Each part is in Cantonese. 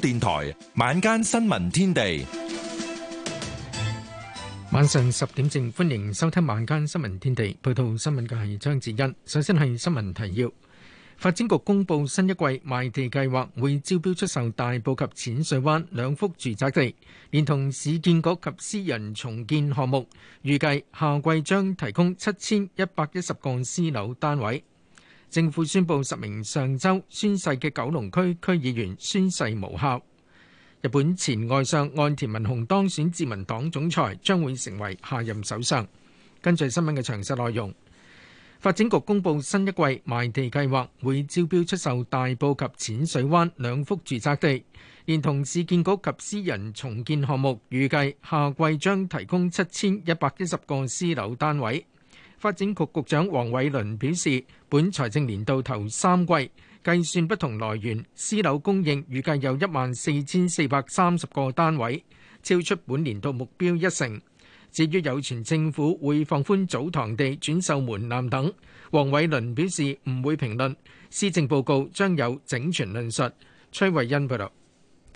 電台晚間新聞天地，晚上十點正，歡迎收聽晚間新聞天地。報道新聞嘅係張志欣。首先係新聞提要：發展局公布新一季賣地計劃，會招標出售大埔及淺水灣兩幅住宅地，連同市建局及私人重建項目，預計下季將提供七千一百一十個私樓單位。政府宣布十名上周宣誓嘅九龍區區議員宣誓無效。日本前外相岸田文雄當選自民黨總裁，將會成為下任首相。根據新聞嘅詳細內容，發展局公布新一季賣地計劃，會招標出售大埔及淺水灣兩幅住宅地，連同市建局及私人重建項目，預計下季將提供七千一百一十個私樓單位。發展局局長黃偉倫表示，本財政年度頭三季計算不同來源私樓供應預計有一萬四千四百三十個單位，超出本年度目標一成。至於有傳政府會放寬祖堂地轉售門檻等，黃偉倫表示唔會評論。施政報告將有整全論述。崔慧欣報道。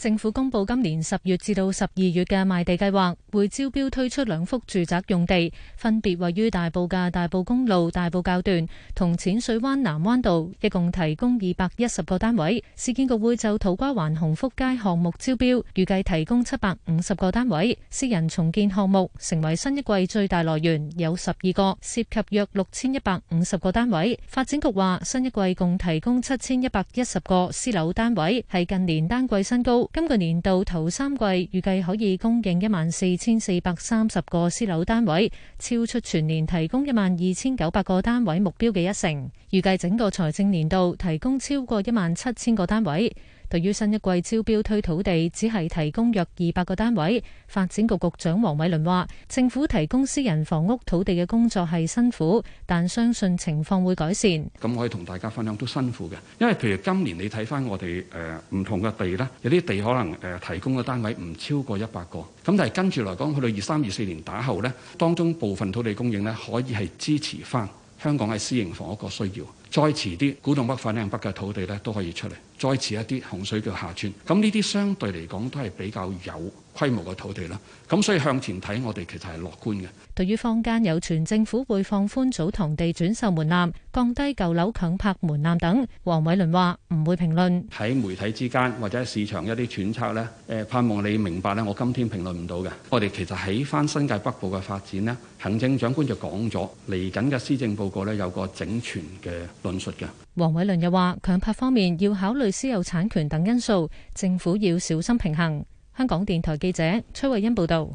政府公布今年十月至到十二月嘅賣地計劃，會招標推出兩幅住宅用地，分別位於大埔嘅大埔公路大埔滘段同淺水灣南灣道，一共提供二百一十個單位。市建局會就土瓜灣鴻福街項目招標，預計提供七百五十個單位。私人重建項目成為新一季最大來源，有十二個涉及約六千一百五十個單位。發展局話，新一季共提供七千一百一十個私樓單位，係近年單季新高。今個年度頭三季預計可以供應一萬四千四百三十個私樓單位，超出全年提供一萬二千九百個單位目標嘅一成。預計整個財政年度提供超過一萬七千個單位。對於新一季招標推土地，只係提供約二百個單位，發展局局長黃偉綸話：政府提供私人房屋土地嘅工作係辛苦，但相信情況會改善。咁我可以同大家分享都辛苦嘅，因為譬如今年你睇翻我哋誒唔同嘅地呢，有啲地可能誒提供嘅單位唔超過一百個，咁但係跟住嚟講去到二三二四年打後呢，當中部分土地供應呢，可以係支持翻香港嘅私營房屋個需要。再遲啲，古洞北、粉嶺北嘅土地咧都可以出嚟。再遲一啲，洪水橋下村，咁呢啲相對嚟講都係比較有規模嘅土地啦，咁所以向前睇，我哋其實係樂觀嘅。對於坊間有傳政府會放寬祖堂地轉售門檻、降低舊樓強拍門檻等，黃偉綸話唔會評論喺媒體之間或者喺市場一啲揣測呢，誒、呃，盼望你明白呢。我今天評論唔到嘅。我哋其實喺返新界北部嘅發展呢，行政長官就講咗嚟緊嘅施政報告呢，有個整全嘅論述嘅。黃偉綸又話，強拍方面要考慮私有產權等因素，政府要小心平衡。香港電台記者崔慧欣報道：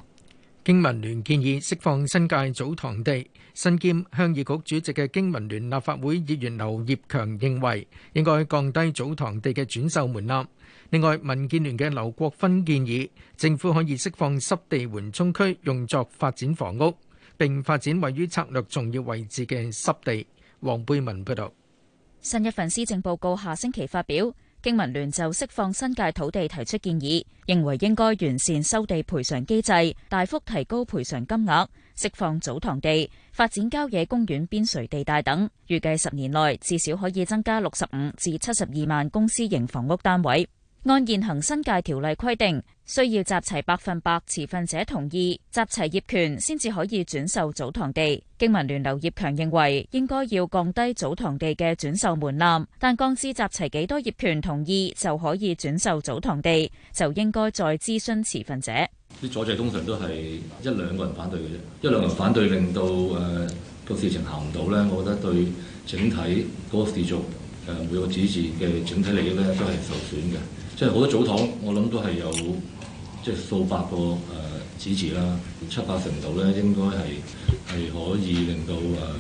經民聯建議釋放新界祖堂地，身兼鄉議局主席嘅經民聯立法會議員劉業強認為應該降低祖堂地嘅轉售門檻。另外，民建聯嘅劉國芬建議政府可以釋放濕地緩衝區用作發展房屋，並發展位於策略重要位置嘅濕地。黃貝文報道：新一份施政報告下星期發表。經文聯就釋放新界土地提出建議，認為應該完善收地賠償機製，大幅提高賠償金額，釋放祖堂地、發展郊野公園邊陲地帶等，預計十年內至少可以增加六十五至七十二萬公私營房屋單位。按現行新界條例規定，需要集齊百分百持份者同意，集齊業權先至可以轉售祖堂地。經民聯劉業強認為應該要降低祖堂地嘅轉售門檻，但降至集齊幾多業權同意就可以轉售祖堂地，就應該再諮詢持份者。啲阻滯通常都係一兩個人反對嘅啫，一兩個人反對令到誒個、呃、事情行唔到咧。我覺得對整體個祖族誒、呃、每個指示嘅整體利益咧都係受損嘅。即係好多祖堂，我諗都係有即係數百個誒、呃、支持啦，七八成度咧應該係係可以令到誒、呃、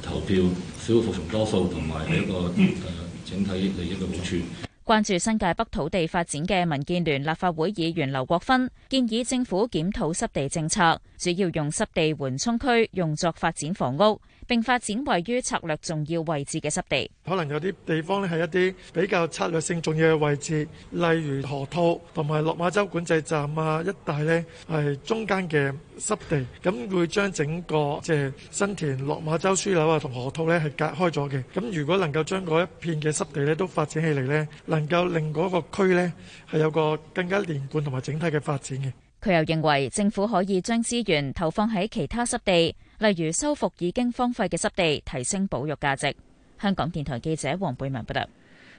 投票少數服從多數，同埋係一個誒、呃、整體利益嘅好處。關注新界北土地發展嘅民建聯立法會議員劉國勳建議政府檢討濕地政策，主要用濕地緩衝區用作發展房屋。並發展位於策略重要位置嘅濕地，可能有啲地方呢係一啲比較策略性重要嘅位置，例如河套同埋落馬洲管制站啊一帶呢係中間嘅濕地，咁會將整個即係新田落馬洲樞紐啊同河套呢係隔開咗嘅。咁如果能夠將嗰一片嘅濕地呢都發展起嚟呢，能夠令嗰個區呢係有個更加連貫同埋整體嘅發展嘅。佢又認為政府可以將資源投放喺其他濕地。例如修復已經荒廢嘅濕地，提升保育價值。香港電台記者黃貝文報道，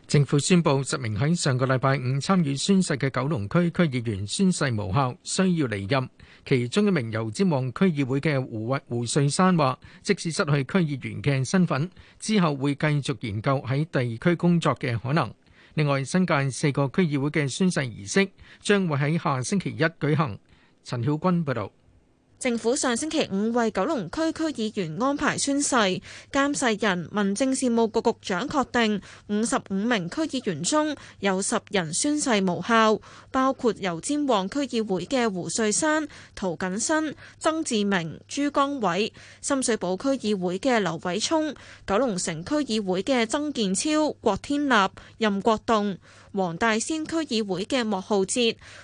政府宣布十名喺上個禮拜五參與宣誓嘅九龍區區議員宣誓無效，需要離任。其中一名油尖旺區議會嘅胡、胡穗珊話，即使失去區議員嘅身份，之後會繼續研究喺地區工作嘅可能。另外，新界四個區議會嘅宣誓儀式將會喺下星期一舉行。陳曉君報道。政府上星期五為九龍區區議員安排宣誓，監誓人、民政事務局局長確定五十五名區議員中有十人宣誓無效，包括油尖旺區議會嘅胡瑞山、陶錦新、曾志明、朱江偉、深水埗區議會嘅劉偉聰、九龍城區議會嘅曾建超、郭天立、任國棟、黃大仙區議會嘅莫浩哲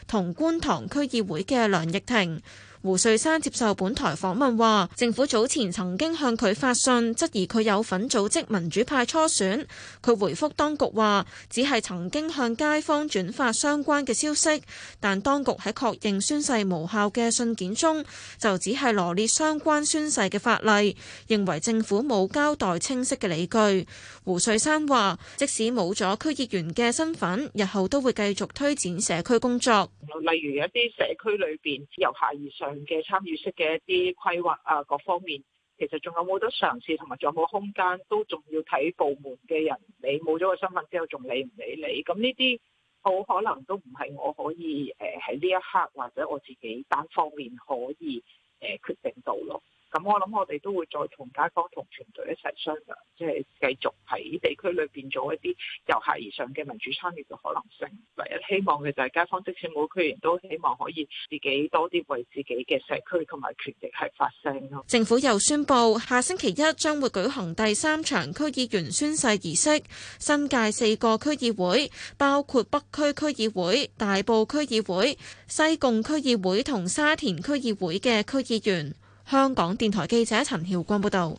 同觀塘區議會嘅梁逸婷。胡瑞山接受本台訪問話，政府早前曾經向佢發信，質疑佢有份組織民主派初選。佢回覆當局話，只係曾經向街坊轉發相關嘅消息，但當局喺確認宣誓無效嘅信件中，就只係羅列相關宣誓嘅法例，認為政府冇交代清晰嘅理據。胡瑞山話，即使冇咗區議員嘅身份，日後都會繼續推展社區工作，例如一啲社區裏邊由下而上。嘅參與式嘅一啲規劃啊，各方面其實仲有冇得嘗試，同埋仲有冇空間，都仲要睇部門嘅人，你冇咗個身份之後，仲理唔理你？咁呢啲好可能都唔係我可以誒喺呢一刻，或者我自己單方面可以誒決定到咯。咁我諗，我哋都會再同街坊同團隊一齊商量，即係繼續喺地區裏邊做一啲由下而上嘅民主參與嘅可能性。唯一希望嘅就係街坊，即使冇區議員，都希望可以自己多啲為自己嘅社區同埋權益係發聲咯。政府又宣布，下星期一將會舉行第三場區議員宣誓儀式，新界四個區議會，包括北區區議會、大埔區議會、西貢區議會同沙田區議會嘅區議員。香港電台記者陳曉光報道，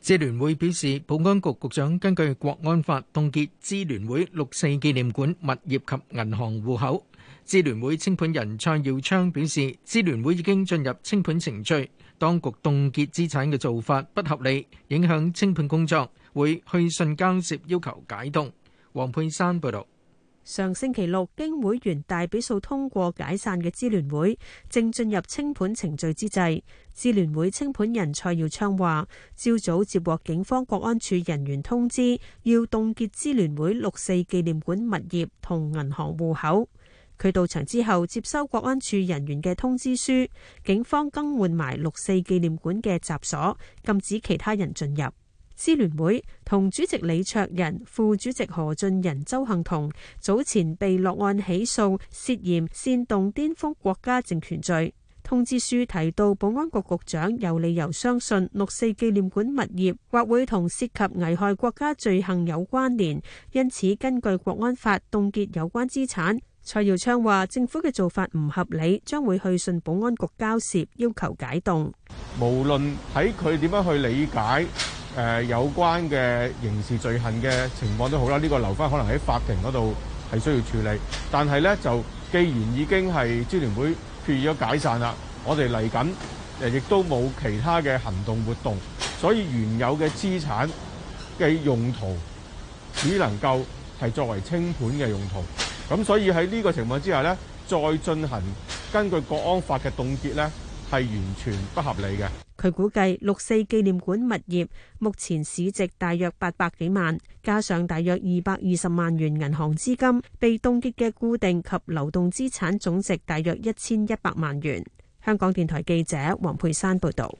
支聯會表示，保安局局長根據國安法凍結支聯會六四紀念館物業及銀行戶口。支聯會清盤人蔡耀昌表示，支聯會已經進入清盤程序，當局凍結資產嘅做法不合理，影響清盤工作，會去信交涉要求解凍。黃佩珊報道。上星期六，經會員大比數通過解散嘅支聯會，正進入清盤程序之際，支聯會清盤人蔡耀昌話，朝早接獲警方國安處人員通知，要凍結支聯會六四紀念館物業同銀行戶口。佢到場之後，接收國安處人員嘅通知書，警方更換埋六四紀念館嘅閘鎖，禁止其他人進入。支聯會同主席李卓人、副主席何俊仁、周幸彤早前被落案起訴，涉嫌煽動顛覆國家政權罪。通知書提到，保安局局長有理由相信六四紀念館物業或會同涉及危害國家罪行有關聯，因此根據國安法凍結有關資產。蔡耀昌話：政府嘅做法唔合理，將會去信保安局交涉，要求解凍。無論喺佢點樣去理解。誒、呃、有關嘅刑事罪行嘅情況都好啦，呢、這個留返可能喺法庭嗰度係需要處理。但係咧，就既然已經係支聯會決意咗解散啦，我哋嚟緊誒亦都冇其他嘅行動活動，所以原有嘅資產嘅用途只能夠係作為清盤嘅用途。咁所以喺呢個情況之下咧，再進行根據國安法嘅凍結咧，係完全不合理嘅。佢估計六四紀念館物業目前市值大約八百幾萬，加上大約二百二十萬元銀行資金被凍結嘅固定及流動資產總值大約一千一百萬元。香港電台記者黃佩珊報導。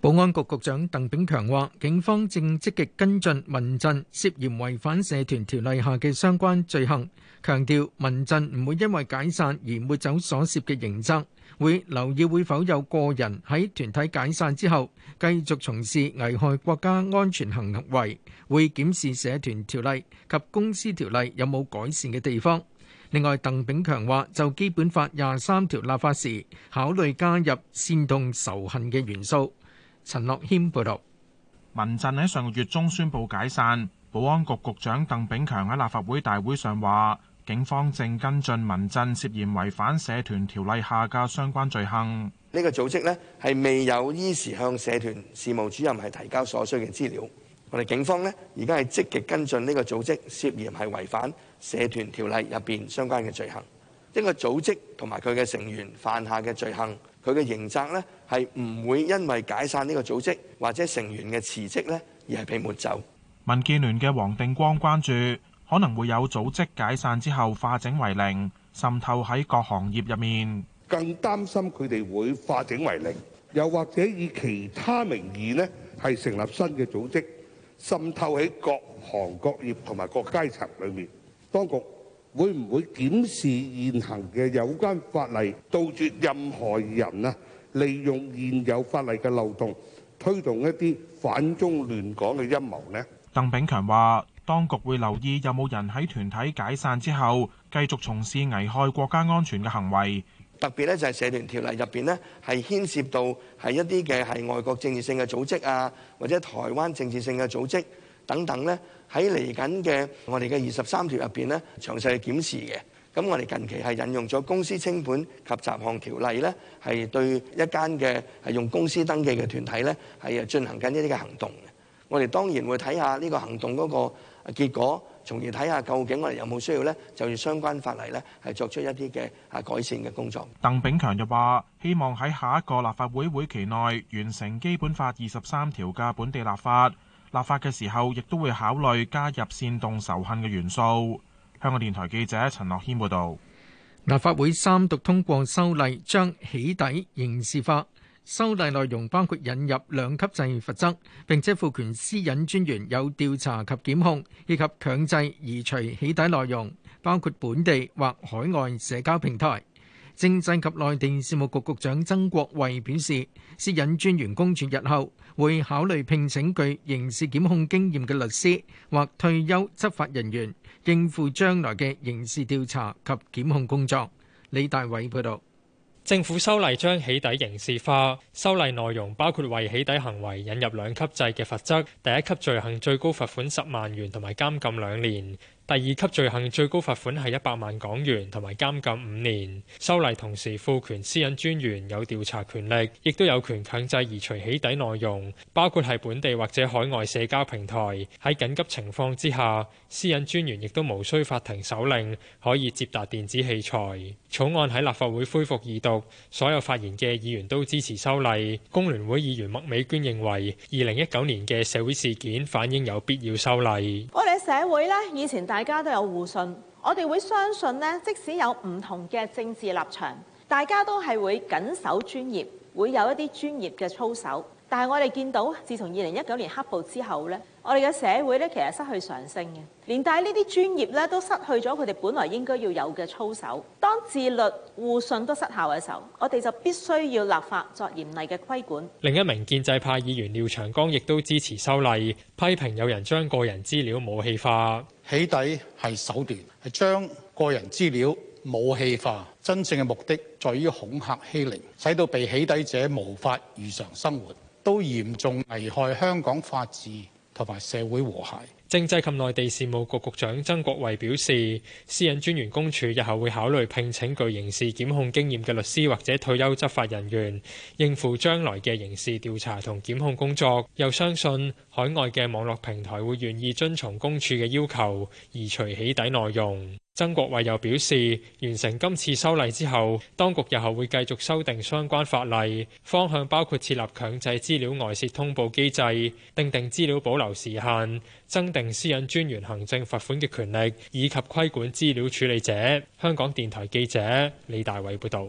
保安局局長鄧炳強話：警方正積極跟進民陣涉嫌違反社團條例下嘅相關罪行，強調民陣唔會因為解散而抹走所涉嘅刑責。會留意會否有個人喺團體解散之後繼續從事危害國家安全行為，會檢視社團條例及公司條例有冇改善嘅地方。另外，鄧炳強話就《基本法》廿三條立法時，考慮加入煽動仇恨嘅元素。陳樂軒報導，民陣喺上個月中宣布解散，保安局局長鄧炳強喺立法會大會上話。警方正跟進民陣涉嫌違反社團條例下嘅相關罪行。呢個組織呢，係未有依時向社團事務主任係提交所需嘅資料。我哋警方呢，而家係積極跟進呢個組織涉嫌係違反社團條例入邊相關嘅罪行。呢個組織同埋佢嘅成員犯下嘅罪行，佢嘅刑責呢，係唔會因為解散呢個組織或者成員嘅辭職呢，而係被抹走。民建聯嘅黃定光關注。可能會有組織解散之後化整為零，滲透喺各行業入面，更擔心佢哋會化整為零，又或者以其他名義呢，係成立新嘅組織，滲透喺各行各業同埋各階層裏面。當局會唔會檢視現行嘅有關法例，杜絕任何人啊利用現有法例嘅漏洞，推動一啲反中亂港嘅陰謀呢？鄧炳強話。當局會留意有冇人喺團體解散之後繼續從事危害國家安全嘅行為。特別咧，就係社團條例入邊呢，係牽涉到係一啲嘅係外國政治性嘅組織啊，或者台灣政治性嘅組織啊、組織啊、等等呢，喺嚟緊嘅我哋嘅二十三條入邊呢，詳細去檢視嘅。咁我哋近期係引用咗公司清盤及雜項條例呢，係對一間嘅係用公司登記嘅團體呢，係啊進行緊一啲嘅行動嘅。我哋當然會睇下呢個行動嗰個。結果，從而睇下究竟我哋有冇需要呢？就相關法例呢，係作出一啲嘅啊改善嘅工作。鄧炳強就話：希望喺下一個立法會會期內完成基本法二十三條嘅本地立法。立法嘅時候，亦都會考慮加入煽動仇恨嘅元素。香港電台記者陳樂軒報導。立法會三讀通過修例，將起底刑事化。修例內容包括引入兩級制罰則，並且賦權私隱專員有調查及檢控，以及強制移除起底內容，包括本地或海外社交平台。政制及內地事務局局長曾國衛表示，私隱專員公署日後會考慮聘請具刑事檢控經驗嘅律師或退休執法人員，應付將來嘅刑事調查及檢控工作。李大偉報導。政府修例將起底刑事化，修例內容包括為起底行為引入兩級制嘅罰則，第一級罪行最高罰款十萬元同埋監禁兩年。第二級罪行最高罰款係一百萬港元，同埋監禁五年。修例同時賦權私隱專員有調查權力，亦都有權強制移除起底內容，包括係本地或者海外社交平台。喺緊急情況之下，私隱專員亦都無需法庭手令，可以接達電子器材。草案喺立法會恢復二讀，所有發言嘅議員都支持修例。工聯會議員麥美娟認為，二零一九年嘅社會事件反映有必要修例。我哋社會呢，以前大大家都有互信，我哋會相信咧，即使有唔同嘅政治立場，大家都係會謹守專業，會有一啲專業嘅操守。但係我哋見到自從二零一九年黑暴之後咧，我哋嘅社會咧其實失去上升嘅，連帶呢啲專業咧都失去咗佢哋本來應該要有嘅操守。當自律互信都失效嘅時候，我哋就必須要立法作嚴厲嘅規管。另一名建制派議員廖長江亦都支持修例，批評有人將個人資料武器化，起底係手段，係將個人資料武器化，真正嘅目的在於恐嚇欺凌，使到被起底者無法如常生活。都嚴重危害香港法治同埋社會和諧。政制及內地事務局局長曾國衛表示，私隱專員公署日後會考慮聘請具刑事檢控經驗嘅律師或者退休執法人員，應付將來嘅刑事調查同檢控工作，又相信海外嘅網絡平台會願意遵從公署嘅要求，移除起底內容。曾國衛又表示，完成今次修例之後，當局日後會繼續修訂相關法例，方向包括設立強制資料外洩通報機制，訂定資料保留時限，增定私隱專員行政罰款嘅權力，以及規管資料處理者。香港電台記者李大偉報道。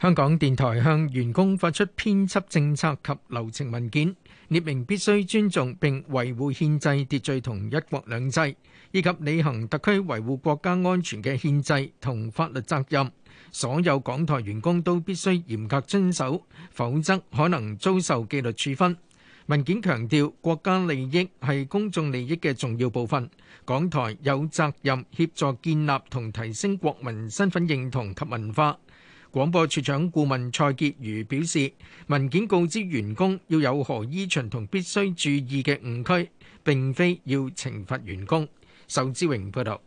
香港電台向員工發出編輯政策及流程文件。列明必須尊重並維護憲制秩序同一國兩制，以及履行特區維護國家安全嘅憲制同法律責任。所有港台員工都必須嚴格遵守，否則可能遭受紀律處分。文件強調，國家利益係公眾利益嘅重要部分，港台有責任協助建立同提升國民身份認同及文化。廣播處長顧問蔡潔如表示，文件告知員工要有何依循同必須注意嘅誤區，並非要懲罰員工。仇志榮報道。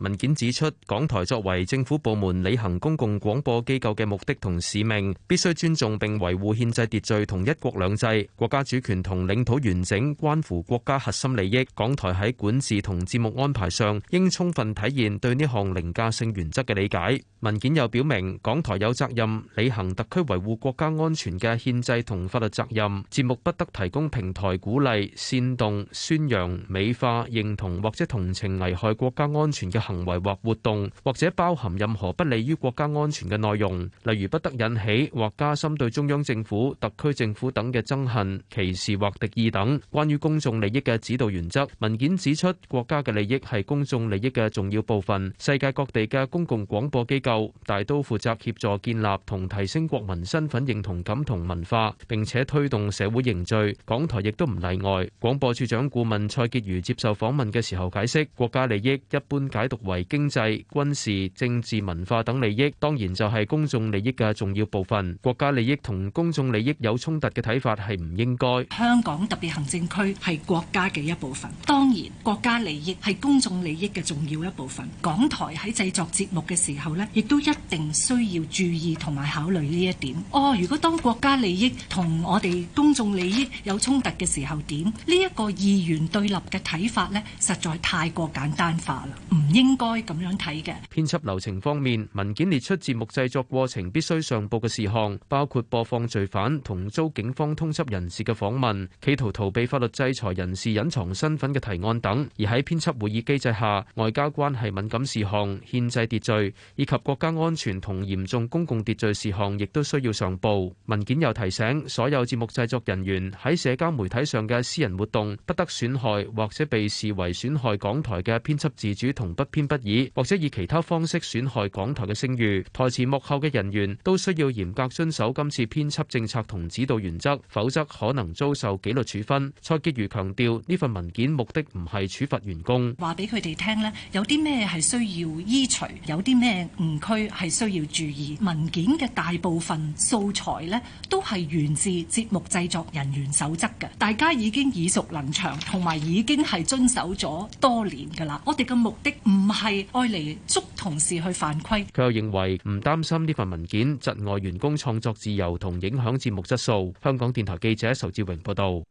文件指出，港台作為政府部門履行公共廣播機構嘅目的同使命，必須尊重並維護憲制秩序同一國兩制、國家主權同領土完整，關乎國家核心利益。港台喺管治同節目安排上，應充分體現對呢項凌駕性原則嘅理解。文件又表明，港台有責任履行特區維護國家安全嘅憲制同法律責任，節目不得提供平台鼓勵煽動、宣揚美化認同或者同情危害國家安全嘅。行為或活動，或者包含任何不利於國家安全嘅內容，例如不得引起或加深對中央政府、特區政府等嘅憎恨、歧視或敵意等。關於公眾利益嘅指導原則，文件指出，國家嘅利益係公眾利益嘅重要部分。世界各地嘅公共廣播機構大都負責協助建立同提升國民身份認同感同文化，並且推動社會凝聚。港台亦都唔例外。廣播處長顧問蔡潔瑜接受訪問嘅時候解釋，國家利益一般解讀。為經濟、軍事、政治、文化等利益，當然就係公眾利益嘅重要部分。國家利益同公眾利益有衝突嘅睇法係唔應該。香港特別行政區係國家嘅一部分，當然國家利益係公眾利益嘅重要一部分。港台喺製作節目嘅時候呢，亦都一定需要注意同埋考慮呢一點。哦，如果當國家利益同我哋公眾利益有衝突嘅時候點？呢一個二元對立嘅睇法呢，實在太過簡單化啦，唔應。應該咁樣睇嘅。編輯流程方面，文件列出節目製作過程必須上報嘅事項，包括播放罪犯同遭警方通緝人士嘅訪問、企圖逃避法律制裁人士隱藏身份嘅提案等。而喺編輯會議機制下，外交關係敏感事項、憲制秩序以及國家安全同嚴重公共秩序事項亦都需要上報。文件又提醒所有節目製作人員喺社交媒體上嘅私人活動，不得損害或者被視為損害港台嘅編輯自主同不。偏不已，或者以其他方式損害港台嘅聲譽。台前幕後嘅人員都需要嚴格遵守今次編輯政策同指導原則，否則可能遭受紀律處分。蔡潔如強調，呢份文件目的唔係處罰員工，話俾佢哋聽咧，有啲咩係需要依除，有啲咩誤區係需要注意。文件嘅大部分素材咧，都係源自節目製作人員守則嘅，大家已經耳熟能詳，同埋已經係遵守咗多年噶啦。我哋嘅目的唔唔係愛嚟捉同事去犯規。佢又認為唔擔心呢份文件窒礙員工創作自由同影響節目質素。香港電台記者仇志榮報道。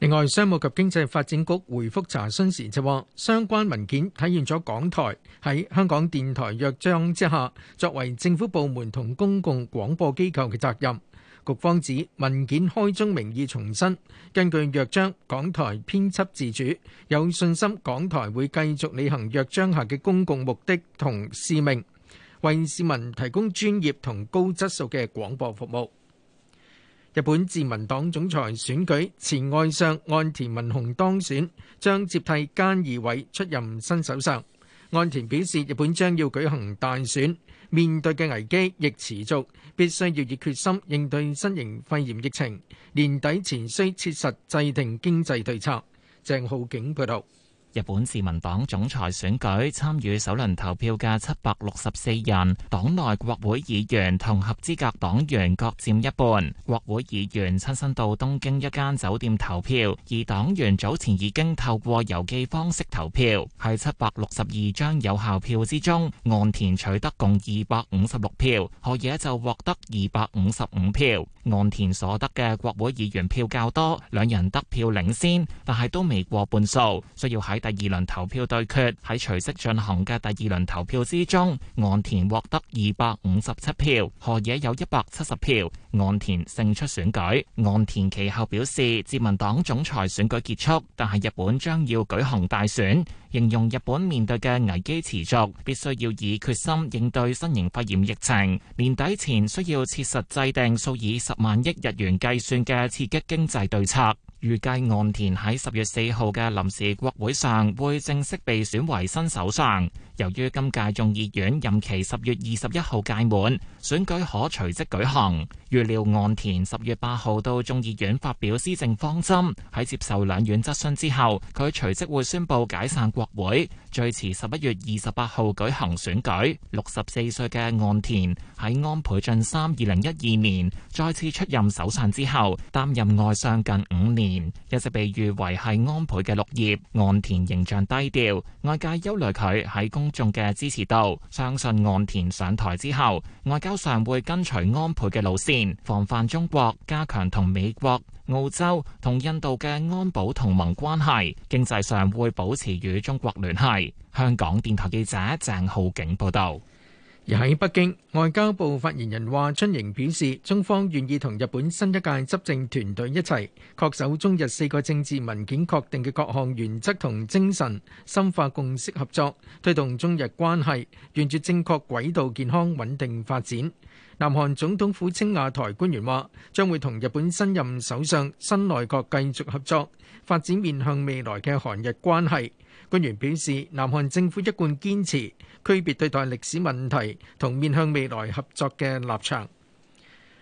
另外，商務及經濟發展局回覆查詢時就話，相關文件體現咗港台喺香港電台約章之下，作為政府部門同公共廣播機構嘅責任。局方指文件開宗明義重申，根據約章，港台編輯自主，有信心港台會繼續履行約章下嘅公共目的同使命，為市民提供專業同高質素嘅廣播服務。日本自民黨總裁選舉，前外相岸田文雄當選，將接替菅義偉出任新首相。岸田表示，日本將要舉行大選。面對嘅危機亦持續，必須要以決心應對新型肺炎疫情。年底前需切實制定經濟對策。鄭浩景報道。日本自民黨總裁選舉參與首輪投票嘅七百六十四人，黨內國會議員同合資格黨員各佔一半。國會議員親身到東京一間酒店投票，而黨員早前已經透過郵寄方式投票。喺七百六十二張有效票之中，岸田取得共二百五十六票，河野就獲得二百五十五票。岸田所得嘅國會議員票較多，兩人得票領先，但係都未過半數，需要喺第二輪投票對決。喺隨即進行嘅第二輪投票之中，岸田獲得二百五十七票，河野有一百七十票，岸田勝出選舉。岸田其後表示，自民黨總裁選舉結束，但係日本將要舉行大選。形容日本面對嘅危機持續，必須要以決心應對新型肺炎疫情。年底前需要切實制定數以十萬億日元計算嘅刺激經濟對策。預計岸田喺十月四號嘅臨時國會上會正式被選為新首相。由於今屆眾議院任期十月二十一號屆滿，選舉可隨即舉行。預料岸田十月八號到眾議院發表施政方針，喺接受兩院質詢之後，佢隨即會宣布解散國會，最遲十一月二十八號舉行選舉。六十四歲嘅岸田喺安倍晉三二零一二年再次出任首相之後，擔任外相近五年，一直被譽為係安倍嘅綠葉。岸田形象低調，外界憂慮佢喺公眾嘅支持度，相信岸田上台之後，外交上會跟隨安倍嘅路線，防範中國，加強同美國、澳洲同印度嘅安保同盟關係，經濟上會保持與中國聯繫。香港電台記者鄭浩景報道。而喺北京，外交部發言人華春瑩表示，中方願意同日本新一屆執政團隊一齊確守中日四個政治文件確定嘅各項原則同精神，深化共識合作，推動中日關係沿住正確軌道健康穩定發展。南韓總統府青瓦台官員話將會同日本新任首相新內閣繼續合作，發展面向未來嘅韓日關係。官員表示，南韓政府一貫堅持區別對待歷史問題同面向未來合作嘅立場。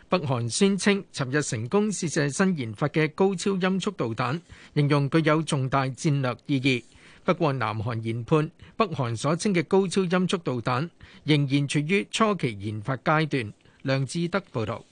北韓宣稱，尋日成功試射新研發嘅高超音速導彈，形容具有重大戰略意義。不過，南韓研判北韓所稱嘅高超音速導彈仍然處於初期研發階段。梁志德報道。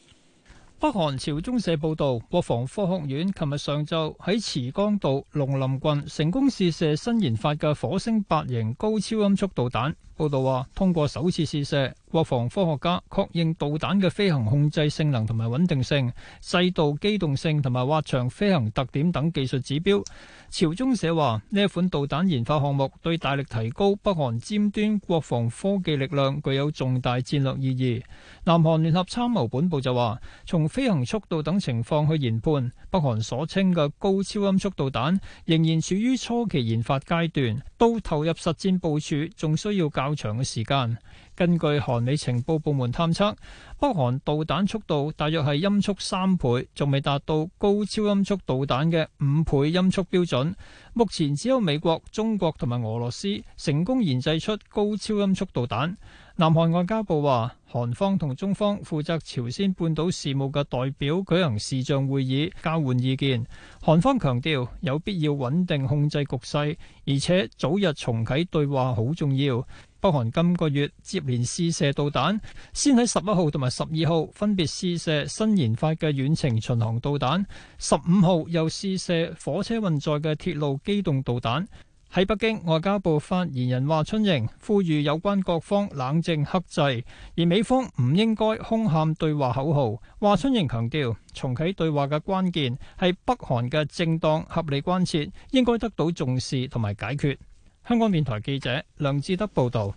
北韓朝中社報道，國防科學院琴日上晝喺池江道龍林郡成功試射新研發嘅火星八型高超音速導彈。報道話，通過首次試射。國防科學家確認導彈嘅飛行控制性能同埋穩定性，細度機動性同埋滑翔飛行特點等技術指標。朝中社話呢一款導彈研發項目對大力提高北韓尖端國防科技力量具有重大戰略意義。南韓聯合參謀本部就話，從飛行速度等情況去研判，北韓所稱嘅高超音速導彈仍然處於初期研發階段，到投入實戰部署仲需要較長嘅時間。根據韓美情報部門探測，北韓導彈速度大約係音速三倍，仲未達到高超音速導彈嘅五倍音速標準。目前只有美國、中國同埋俄羅斯成功研製出高超音速導彈。南韓外交部話，韓方同中方負責朝鮮半島事務嘅代表舉行視像會議，交換意見。韓方強調有必要穩定控制局勢，而且早日重啟對話好重要。北韓今個月接連試射導彈，先喺十一號同埋十二號分別試射新研發嘅遠程巡航導彈，十五號又試射火車運載嘅鐵路機動導彈。喺北京，外交部發言人華春瑩呼籲有關各方冷靜克制，而美方唔應該空喊對話口號。華春瑩強調，重啟對話嘅關鍵係北韓嘅正當合理關切應該得到重視同埋解決。香港電台記者梁志德報道，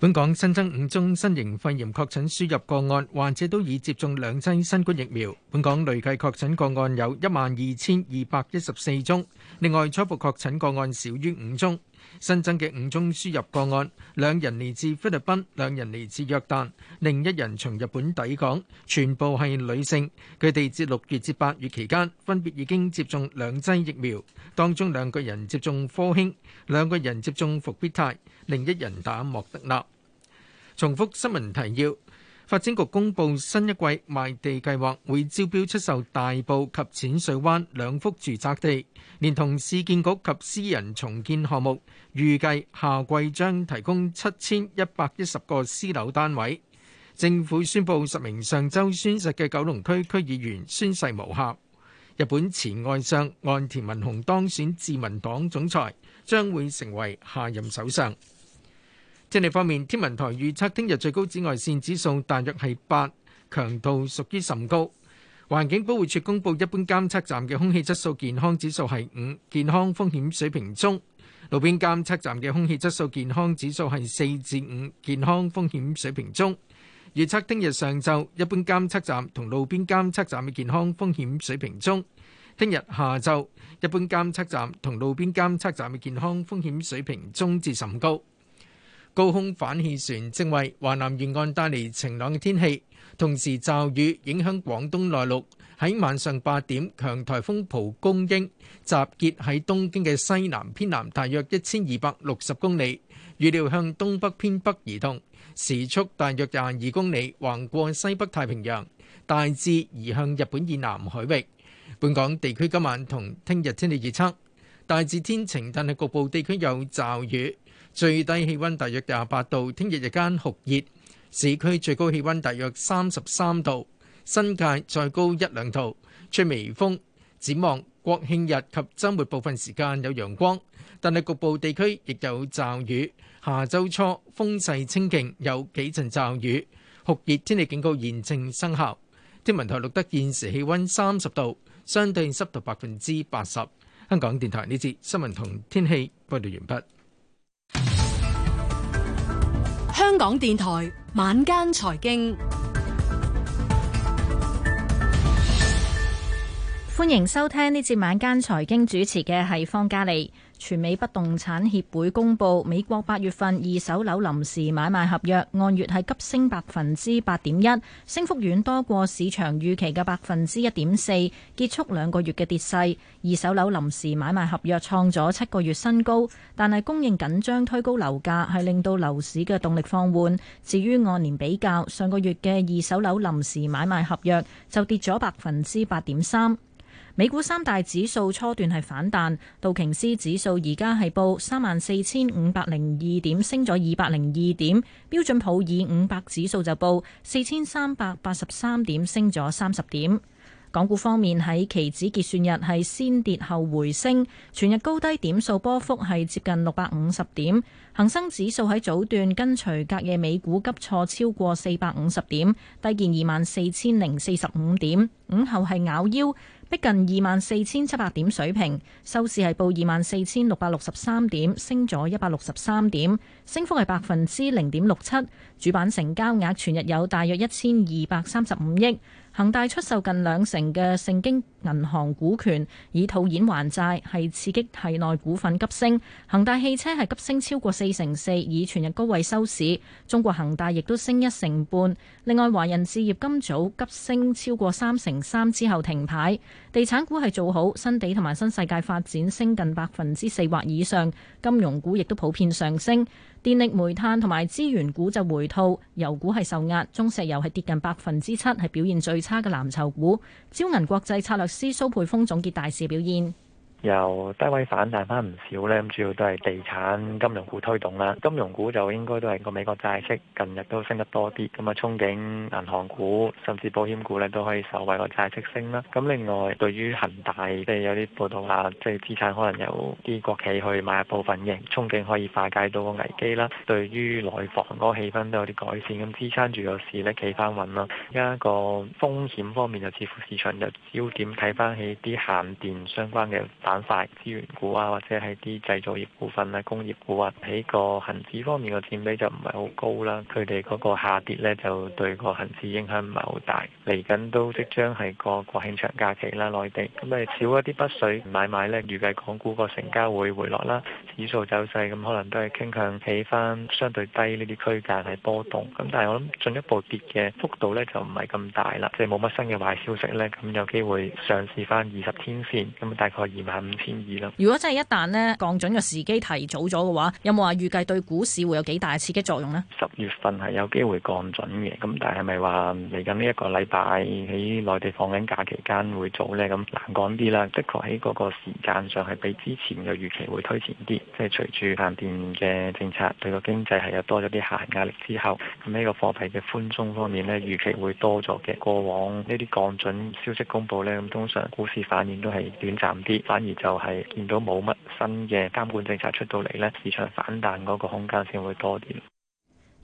本港新增五宗新型肺炎確診輸入個案，患者都已接種兩劑新冠疫苗。本港累計確診個案有一萬二千二百一十四宗，另外初步確診個案少於五宗。新增嘅五宗輸入個案，兩人嚟自菲律賓，兩人嚟自約旦，另一人從日本抵港，全部係女性。佢哋自六月至八月期間分別已經接種兩劑疫苗，當中兩個人接種科興，兩個人接種復必泰，另一人打莫德納。重複新聞提要。發展局公佈新一季賣地計劃，會招標出售大埔及淺水灣兩幅住宅地，連同市建局及私人重建項目，預計下季將提供七千一百一十個私樓單位。政府宣布十名上周宣誓嘅九龍區區議員宣誓無效。日本前外相岸田文雄當選自民黨總裁，將會成為下任首相。天氣方面，天文台預測聽日最高紫外線指數大約係八，強度屬於甚高。環境保護署公布，一般監測站嘅空氣質素健康指數係五，健康風險水平中；路邊監測站嘅空氣質素健康指數係四至五，健康風險水平中。預測聽日上晝，一般監測站同路邊監測站嘅健康風險水平中；聽日下晝，一般監測站同路邊監測站嘅健康風險水平中至甚高。高空反氣旋正為華南沿岸帶嚟晴朗嘅天氣，同時驟雨影響廣東內陸。喺晚上八點，強颱風蒲公英集結喺東京嘅西南偏南大約一千二百六十公里，預料向東北偏北移動，時速大約廿二公里，橫過西北太平洋，大致移向日本以南海域。本港地區今晚同聽日天氣預測大致天晴，但係局部地區有驟雨。最低氣温大約廿八度，聽日日間酷熱，市區最高氣温大約三十三度，新界再高一兩度，吹微風。展望國慶日及周末部分時間有陽光，但係局部地區亦有驟雨。下周初風勢清勁，有幾陣驟雨，酷熱天氣警告現正生效。天文台錄得現時氣温三十度，相對濕度百分之八十。香港電台呢節新聞同天氣報導完畢。香港電台晚間財經，歡迎收聽呢節晚間財經，主持嘅係方嘉莉。全美不動產協會公布，美國八月份二手樓臨時買賣合約按月係急升百分之八點一，升幅遠多過市場預期嘅百分之一點四，結束兩個月嘅跌勢。二手樓臨時買賣合約創咗七個月新高，但係供應緊張推高樓價，係令到樓市嘅動力放緩。至於按年比較，上個月嘅二手樓臨時買賣合約就跌咗百分之八點三。美股三大指數初段係反彈，道瓊斯指數而家係報三萬四千五百零二點，升咗二百零二點，標準普爾五百指數就報四千三百八十三點，升咗三十點。港股方面喺期指結算日係先跌後回升，全日高低點數波幅係接近六百五十點。恒生指數喺早段跟隨隔夜美股急挫超過四百五十點，低見二萬四千零四十五點，午後係咬腰，逼近二萬四千七百點水平，收市係報二萬四千六百六十三點，升咗一百六十三點，升幅係百分之零點六七。主板成交額全日有大約一千二百三十五億。恒大出售近兩成嘅盛京銀行股權，以套現還債，係刺激系內股份急升。恒大汽車係急升超過四成四，以全日高位收市。中國恒大亦都升一成半。另外，華人置業今早急升超過三成三之後停牌。地產股係做好，新地同埋新世界發展升近百分之四或以上。金融股亦都普遍上升。電力煤炭同埋資源股就回吐，油股係受壓，中石油係跌近百分之七，係表現最差嘅藍籌股。招銀國際策略師蘇佩峰總結大市表現。由低位反彈翻唔少咧，咁主要都係地產、金融股推動啦。金融股就應該都係個美國債息近日都升得多啲，咁啊憧憬銀行股甚至保險股咧都可以受惠個債息升啦。咁另外對於恒大即係有啲報道話，即係資產可能有啲國企去買一部分嘅憧憬，可以化解到個危機啦。對於內房嗰個氣氛都有啲改善，咁支撐住個市咧企翻穩囉。而家個風險方面就似乎市場就焦點睇翻起啲限電相關嘅板塊資源股啊，或者係啲製造業股份啊、工業股啊，喺個恒指方面嘅佔比就唔係好高啦。佢哋嗰個下跌咧，就對個恒指影響唔係好大。嚟緊都即將係個國慶長假期啦，內地咁誒少一啲北水買賣咧，預計港股個成交會回落啦，指數走勢咁可能都係傾向起翻相對低呢啲區間係波動。咁但係我諗進一步跌嘅幅度咧就唔係咁大啦，即係冇乜新嘅壞消息咧，咁有機會上試翻二十天線咁，大概二萬五千二啦。如果真係一旦呢降準嘅時機提早咗嘅話，有冇話預計對股市會有幾大刺激作用呢？十月份係有機會降準嘅，咁但係咪話嚟緊呢一個禮拜喺內地放緊假期間會早呢？咁難講啲啦。的確喺嗰個時間上係比之前嘅預期會推前啲。即係隨住限電嘅政策對個經濟係有多咗啲下行壓力之後，咁呢個貨幣嘅寬鬆方面呢，預期會多咗嘅。過往呢啲降準消息公布呢，咁通常股市反應都係短暫啲，反。而就係見到冇乜新嘅監管政策出到嚟咧，市場反彈嗰個空間先會多啲。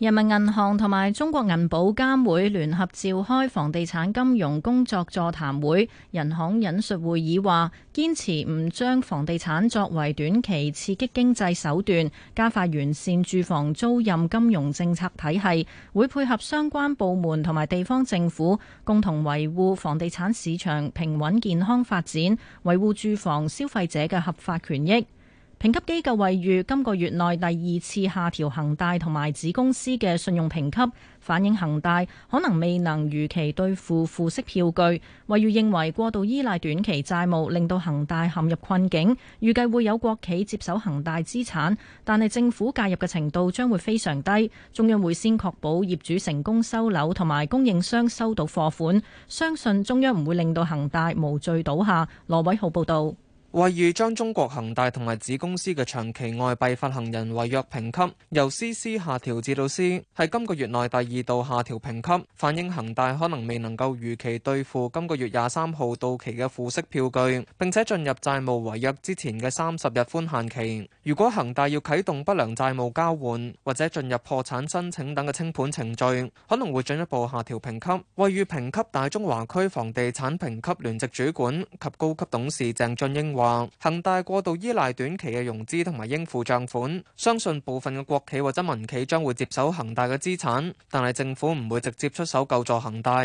人民銀行同埋中國銀保監會聯合召開房地產金融工作座談會，人行引述會議話：堅持唔將房地產作為短期刺激經濟手段，加快完善住房租賃金融政策體系，會配合相關部門同埋地方政府，共同維護房地產市場平穩健康發展，維護住房消費者嘅合法權益。評級機構惠譽今個月內第二次下調恒大同埋子公司嘅信用評級，反映恒大可能未能如期兌付付息票據。惠譽認為過度依賴短期債務令到恒大陷入困境，預計會有國企接手恒大資產，但係政府介入嘅程度將會非常低。中央會先確保業主成功收樓同埋供應商收到貨款，相信中央唔會令到恒大無罪倒下。羅偉浩報導。惠譽將中國恆大同埋子公司嘅長期外幣發行人違約評級由 CC 下調至到 C，係今個月內第二度下調評級，反映恆大可能未能夠如期兌付今個月廿三號到期嘅付息票據，並且進入債務違約之前嘅三十日寬限期。如果恆大要啟動不良債務交換或者進入破產申請等嘅清盤程序，可能會進一步下調評級。惠譽評級大中華區房地產評級聯席主管及高級董事鄭俊英話話恒大過度依賴短期嘅融資同埋應付賬款，相信部分嘅國企或者民企將會接手恒大嘅資產，但係政府唔會直接出手救助恒大。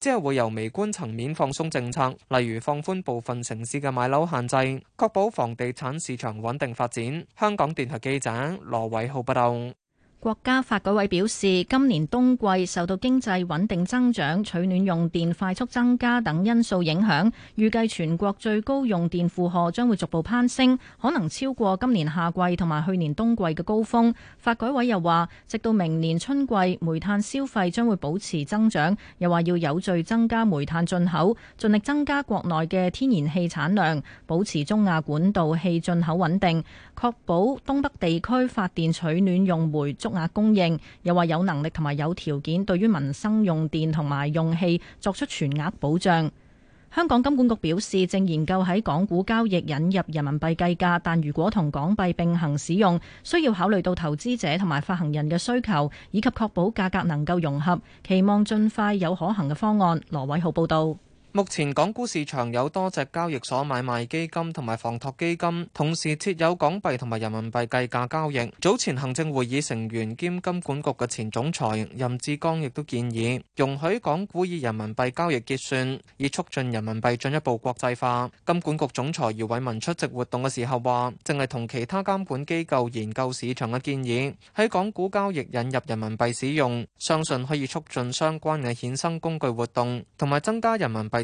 只係會由微觀層面放鬆政策，例如放寬部分城市嘅買樓限制，確保房地產市場穩定發展。香港電台記者羅偉浩報道。國家發改委表示，今年冬季受到經濟穩定增長、取暖用電快速增加等因素影響，預計全國最高用電負荷將會逐步攀升，可能超過今年夏季同埋去年冬季嘅高峰。發改委又話，直到明年春季，煤炭消費將會保持增長，又話要有序增加煤炭進口，盡力增加國內嘅天然氣產量，保持中亞管道氣進口穩定，確保東北地區發電取暖用煤足。壓供應，又話有能力同埋有條件，對於民生用電同埋用氣作出全額保障。香港金管局表示，正研究喺港股交易引入人民幣計價，但如果同港幣並行使用，需要考慮到投資者同埋發行人嘅需求，以及確保價格能夠融合，期望儘快有可行嘅方案。羅偉浩報道。目前港股市場有多隻交易所買賣基金同埋房託基金，同時設有港幣同埋人民幣計價交易。早前行政會議成員兼金管局嘅前總裁任志剛亦都建議容許港股以人民幣交易結算，以促進人民幣進一步國際化。金管局總裁余偉文出席活動嘅時候話，正係同其他監管機構研究市場嘅建議，喺港股交易引入人民幣使用，相信可以促進相關嘅衍生工具活動，同埋增加人民幣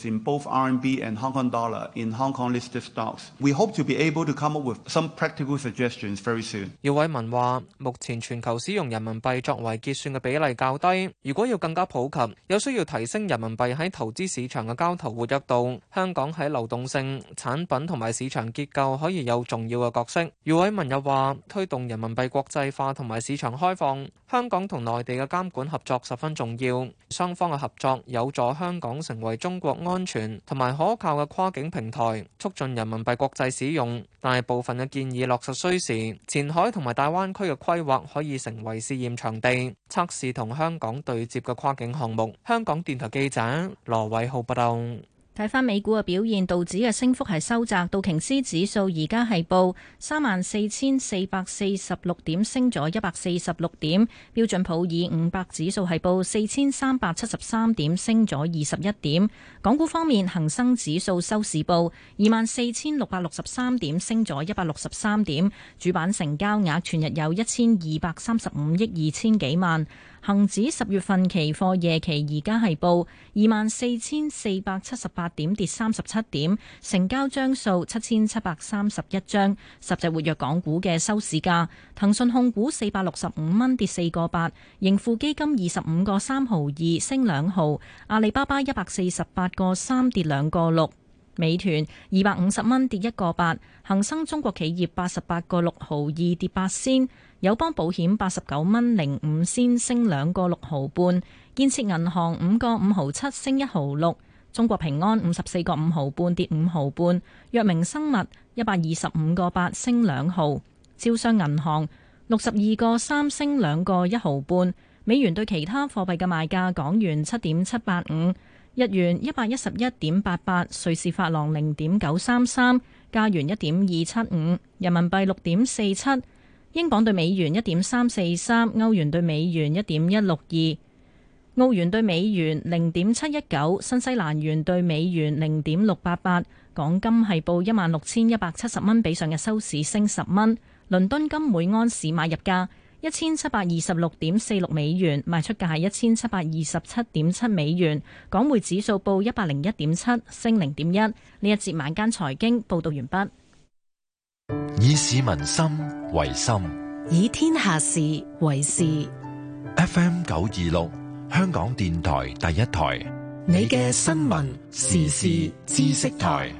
在 both RMB and Hong Kong dollar in Hong Kong listed stocks, we hope to be able to come up with some practical suggestions very soon. 余偉文話：目前全球使用人民幣作為結算嘅比例較低，如果要更加普及，有需要提升人民幣喺投資市場嘅交投活躍度。香港喺流動性、產品同埋市場結構可以有重要嘅角色。余偉文又話：推動人民幣國際化同埋市場開放，香港同內地嘅監管合作十分重要，雙方嘅合作有助香港成為中國安全同埋可靠嘅跨境平台，促進人民幣國際使用。大部分嘅建議落實需時，前海同埋大灣區嘅規劃可以成為試驗場地，測試同香港對接嘅跨境項目。香港電台記者羅偉浩報道。睇翻美股嘅表現，道指嘅升幅係收窄，道瓊斯指數而家係報三萬四千四百四十六點，升咗一百四十六點。標準普爾五百指數係報四千三百七十三點，升咗二十一點。港股方面，恒生指數收市報二萬四千六百六十三點，升咗一百六十三點。主板成交額全日有一千二百三十五億二千幾萬。恒指十月份期貨夜期而家係報二萬四千四百七十八點，跌三十七點，成交張數七千七百三十一張。十隻活躍港股嘅收市價：騰訊控股四百六十五蚊，跌四個八；盈富基金二十五個三毫二，升兩毫；阿里巴巴一百四十八個三，跌兩個六；美團二百五十蚊，跌一個八；恒生中國企業八十八個六毫二，跌八仙。友邦保險八十九蚊零五仙升兩個六毫半，建設銀行五個五毫七升一毫六，中國平安五十四個五毫半跌五毫半，藥明生物一百二十五個八升兩毫，招商銀行六十二個三升兩個一毫半。美元對其他貨幣嘅賣價：港元七點七八五，日元一百一十一點八八，瑞士法郎零點九三三，加元一點二七五，人民幣六點四七。英鎊兌美元一點三四三，歐元兌美元一點一六二，澳元兌美元零點七一九，新西蘭元兌美元零點六八八。港金係報一萬六千一百七十蚊，比上日收市升十蚊。倫敦金每安士買入價一千七百二十六點四六美元，賣出價係一千七百二十七點七美元。港匯指數報一百零一點七，升零點一。呢一節晚間財經報道完畢。以市民心為心，以天下事為事。FM 九二六，香港電台第一台，你嘅新聞、時事、知識台。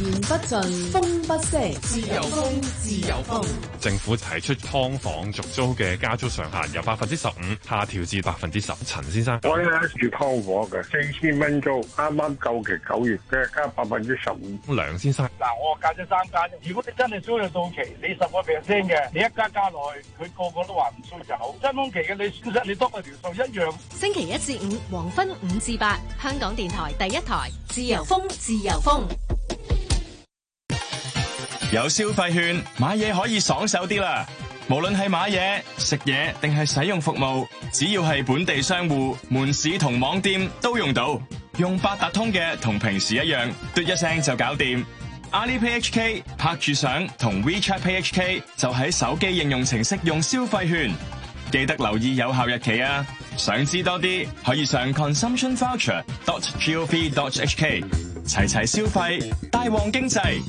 言不盡，風不息，自由風，自由風。自由風。政府提出㓥房續租嘅加租上限由百分之十五下調至百分之十。陳先生，我咧住劏房嘅，四千蚊租，啱啱夠期九月嘅，加百分之十五。梁先生，嗱，我隔咗三間。如果你真係租到到期，你十個 percent 嘅，你一家加落佢個個都話唔租就走。真空期嘅你損失，你多過條數一樣。星期一至五，黃昏五至八，香港電台第一台，自由風，自由風。有消費券買嘢可以爽手啲啦，無論係買嘢、食嘢定係使用服務，只要係本地商戶、門市同網店都用到。用八達通嘅同平時一樣，嘟一聲就搞掂。AliPay HK 拍住賞，同 WeChat Pay HK 就喺手機應用程式用消費券，記得留意有效日期啊！想知多啲，可以上 consumptionvoucher dot gov dot hk 齊齊消費，帶旺經濟。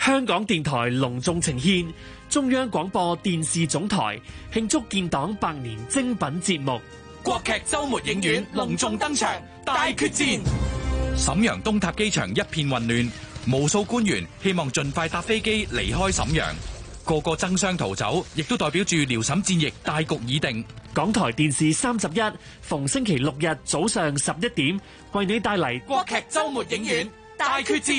香港電台隆重呈現中央廣播電視總台慶祝建黨百年精品節目《國劇周末影院》隆重登場，《大決戰》。瀋陽東塔機場一片混亂，無數官員希望盡快搭飛機離開瀋陽，個個爭相逃走，亦都代表住遼瀋戰役大局已定。港台電視三十一，逢星期六日早上十一點，為你帶嚟《國劇周末影院》《大決戰》。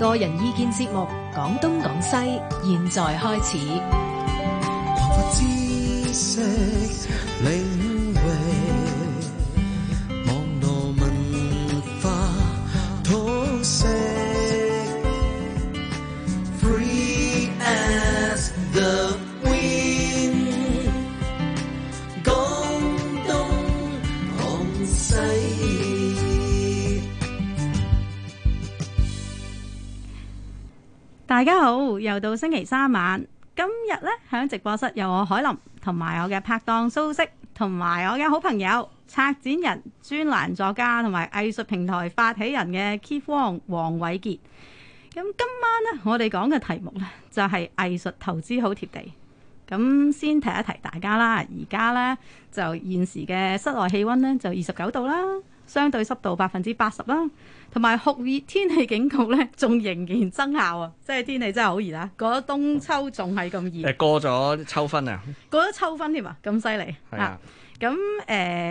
個人意見節目《講東講西》，現在開始。 大家好，又到星期三晚，今日咧響直播室有我海琳同埋我嘅拍檔蘇軾，同埋我嘅好朋友策展人專欄作家，同埋藝術平台發起人嘅 Keith Wong 王偉杰。咁今晚咧，我哋講嘅題目咧就係藝術投資好貼地。咁先提一提大家啦，而家咧就現時嘅室內氣溫咧就二十九度啦。相對濕度百分之八十啦，同埋酷熱天氣警告咧，仲仍然生效啊！即係天氣真係好熱啊！過咗冬秋仲係咁熱，誒過咗秋分，秋分啊，過咗秋分添啊，咁犀利啊！咁、呃、誒。